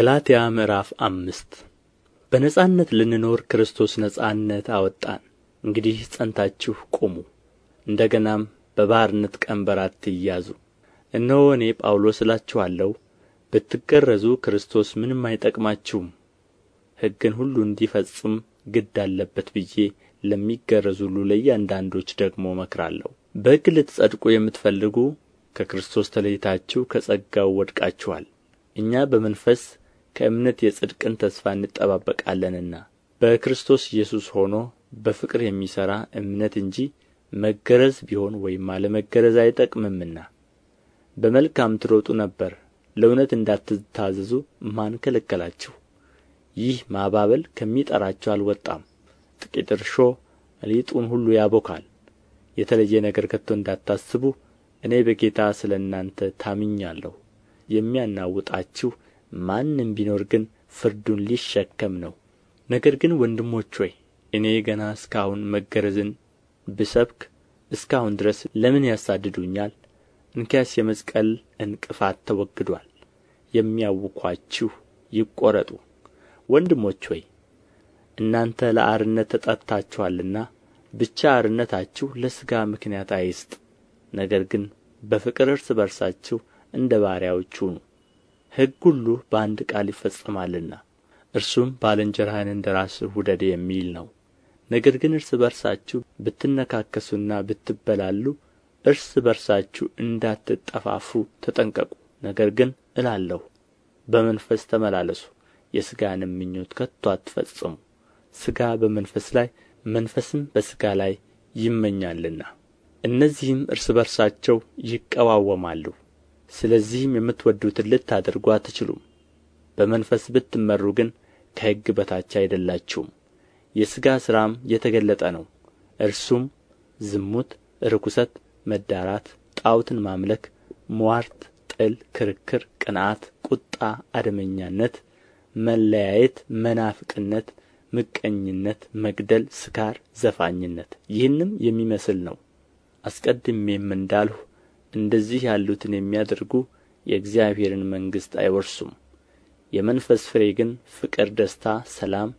ገላትያ ምዕራፍ አምስት በነጻነት ልንኖር ክርስቶስ ነጻነት አወጣን። እንግዲህ ጸንታችሁ ቁሙ፣ እንደ ገናም በባርነት ቀንበር አትያዙ። እነሆ እኔ ጳውሎስ እላችኋለሁ ብትገረዙ ክርስቶስ ምንም አይጠቅማችሁም። ሕግን ሁሉ እንዲፈጽም ግድ አለበት ብዬ ለሚገረዙ ሁሉ ለእያንዳንዶች ደግሞ እመክራለሁ። በሕግ ልትጸድቁ የምትፈልጉ ከክርስቶስ ተለይታችሁ ከጸጋው ወድቃችኋል። እኛ በመንፈስ ከእምነት የጽድቅን ተስፋ እንጠባበቃለንና በክርስቶስ ኢየሱስ ሆኖ በፍቅር የሚሠራ እምነት እንጂ መገረዝ ቢሆን ወይም አለመገረዝ አይጠቅምምና በመልካም ትሮጡ ነበር ለእውነት እንዳትታዘዙ ማን ከለከላችሁ? ይህ ማባበል ከሚጠራችሁ አልወጣም። ጥቂት እርሾ ሊጡን ሁሉ ያቦካል። የተለየ ነገር ከቶ እንዳታስቡ እኔ በጌታ ስለ እናንተ ታምኛለሁ። የሚያናውጣችሁ ማንም ቢኖር ግን ፍርዱን ሊሸከም ነው ነገር ግን ወንድሞች ሆይ እኔ ገና እስካሁን መገረዝን ብሰብክ እስካሁን ድረስ ለምን ያሳድዱኛል እንኪያስ የመስቀል እንቅፋት ተወግዶአል የሚያውኳችሁ ይቆረጡ ወንድሞች ሆይ እናንተ ለአርነት ተጠርታችኋልና ብቻ አርነታችሁ ለሥጋ ምክንያት አይስጥ ነገር ግን በፍቅር እርስ በርሳችሁ እንደ ባሪያዎች ሁኑ ሕግ ሁሉ በአንድ ቃል ይፈጸማልና እርሱም ባልንጀራህን እንደ ራስህ ውደድ የሚል ነው ነገር ግን እርስ በርሳችሁ ብትነካከሱና ብትበላሉ እርስ በርሳችሁ እንዳትጠፋፉ ተጠንቀቁ ነገር ግን እላለሁ በመንፈስ ተመላለሱ የሥጋንም ምኞት ከቶ አትፈጽሙ ሥጋ በመንፈስ ላይ መንፈስም በሥጋ ላይ ይመኛልና እነዚህም እርስ በርሳቸው ይቀዋወማሉ ስለዚህም የምትወዱትን ልታደርጉ አትችሉም በመንፈስ ብትመሩ ግን ከሕግ በታች አይደላችሁም የሥጋ ሥራም የተገለጠ ነው እርሱም ዝሙት ርኵሰት መዳራት ጣዖትን ማምለክ ሟርት ጥል ክርክር ቅንዓት ቁጣ አድመኛነት መለያየት መናፍቅነት ምቀኝነት መግደል ስካር ዘፋኝነት ይህንም የሚመስል ነው አስቀድሜም እንዳልሁ እንደዚህ ያሉትን የሚያደርጉ የእግዚአብሔርን መንግሥት አይወርሱም የመንፈስ ፍሬ ግን ፍቅር ደስታ ሰላም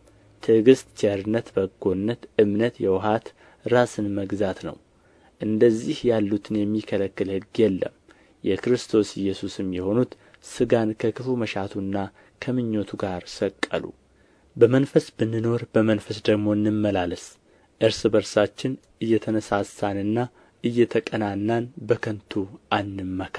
ትዕግሥት ቸርነት በጎነት እምነት የውሃት ራስን መግዛት ነው እንደዚህ ያሉትን የሚከለክል ሕግ የለም የክርስቶስ ኢየሱስም የሆኑት ሥጋን ከክፉ መሻቱና ከምኞቱ ጋር ሰቀሉ በመንፈስ ብንኖር በመንፈስ ደግሞ እንመላለስ እርስ በርሳችን እየተነሳሳንና እየተቀናናን በከንቱ አንመካ